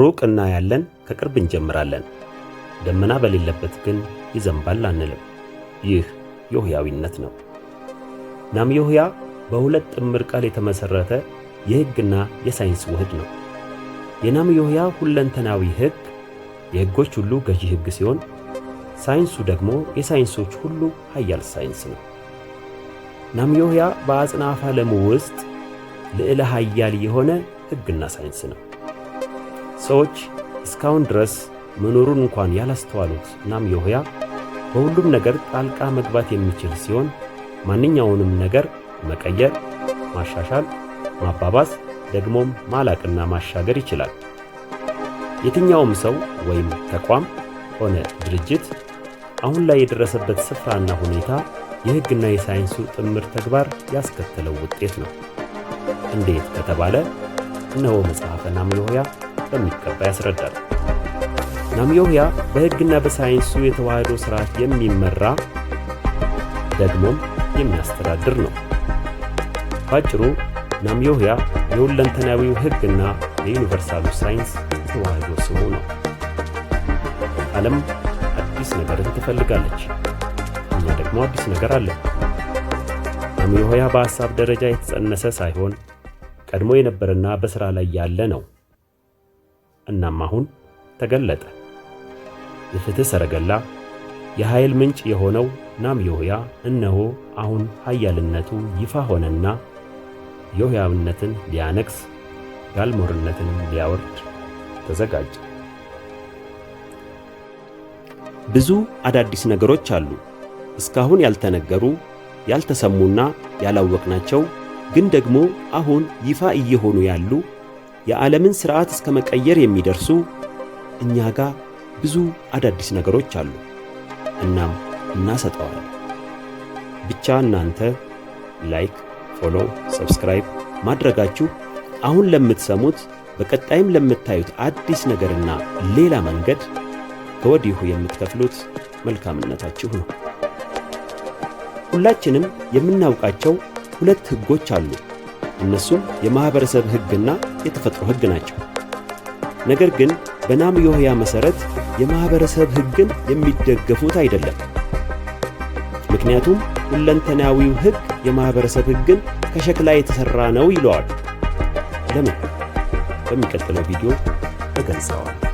ሩቅ እናያለን፣ ከቅርብ እንጀምራለን። ደመና በሌለበት ግን ይዘንባል አንልም። ይህ ዮህያዊነት ነው። ናም ዮህያ በሁለት ጥምር ቃል የተመሠረተ የሕግና የሳይንስ ውህድ ነው። የናም ዮህያ ሁለንተናዊ ሕግ የሕጎች ሁሉ ገዢ ሕግ ሲሆን፣ ሳይንሱ ደግሞ የሳይንሶች ሁሉ ኃያል ሳይንስ ነው። ናም ዮህያ በአጽናፍ ዓለሙ ውስጥ ልዕለ ኃያል የሆነ ሕግና ሳይንስ ነው። ሰዎች እስካሁን ድረስ መኖሩን እንኳን ያላስተዋሉት ናም ዮህያ በሁሉም ነገር ጣልቃ መግባት የሚችል ሲሆን ማንኛውንም ነገር መቀየር፣ ማሻሻል፣ ማባባስ ደግሞም ማላቅና ማሻገር ይችላል። የትኛውም ሰው ወይም ተቋም ሆነ ድርጅት አሁን ላይ የደረሰበት ስፍራና ሁኔታ የሕግና የሳይንሱ ጥምር ተግባር ያስከተለው ውጤት ነው። እንዴት ከተባለ እነሆ መጽሐፈ ናም በሚገባ ያስረዳል። ናምዮህያ በሕግና በሳይንሱ የተዋህዶ ሥርዓት የሚመራ ደግሞም የሚያስተዳድር ነው። ባጭሩ ናምዮህያ የሁለንተናዊው ሕግና የዩኒቨርሳሉ ሳይንስ የተዋህዶ ስሙ ነው። ዓለም አዲስ ነገርን ትፈልጋለች። እኛ ደግሞ አዲስ ነገር አለን። ናምዮህያ በሐሳብ ደረጃ የተጸነሰ ሳይሆን ቀድሞ የነበረና በሥራ ላይ ያለ ነው። እናም አሁን ተገለጠ። የፍትህ ሰረገላ የኃይል ምንጭ የሆነው ናም ናምዮህያ እነሆ አሁን ኃያልነቱ ይፋ ሆነና ዮህያውነትን ሊያነግስ ጋልሞርነትንም ሊያወርድ ተዘጋጀ። ብዙ አዳዲስ ነገሮች አሉ። እስካሁን ያልተነገሩ ያልተሰሙና ያላወቅናቸው ግን ደግሞ አሁን ይፋ እየሆኑ ያሉ የዓለምን ሥርዓት እስከ መቀየር የሚደርሱ እኛ ጋር ብዙ አዳዲስ ነገሮች አሉ። እናም እናሰጠዋለን። ብቻ እናንተ ላይክ፣ ፎሎ፣ ሰብስክራይብ ማድረጋችሁ አሁን ለምትሰሙት በቀጣይም ለምታዩት አዲስ ነገርና ሌላ መንገድ ከወዲሁ የምትከፍሉት መልካምነታችሁ ነው። ሁላችንም የምናውቃቸው ሁለት ሕጎች አሉ። እነሱም የማኅበረሰብ ሕግና የተፈጥሮ ሕግ ናቸው። ነገር ግን በናምዮህያ መሠረት የማኅበረሰብ ሕግን የሚደገፉት አይደለም። ምክንያቱም ሁለንተናዊው ሕግ የማኅበረሰብ ሕግን ከሸክላ የተሠራ ነው ይለዋል። ለምን? በሚቀጥለው ቪዲዮ እገልጸዋል።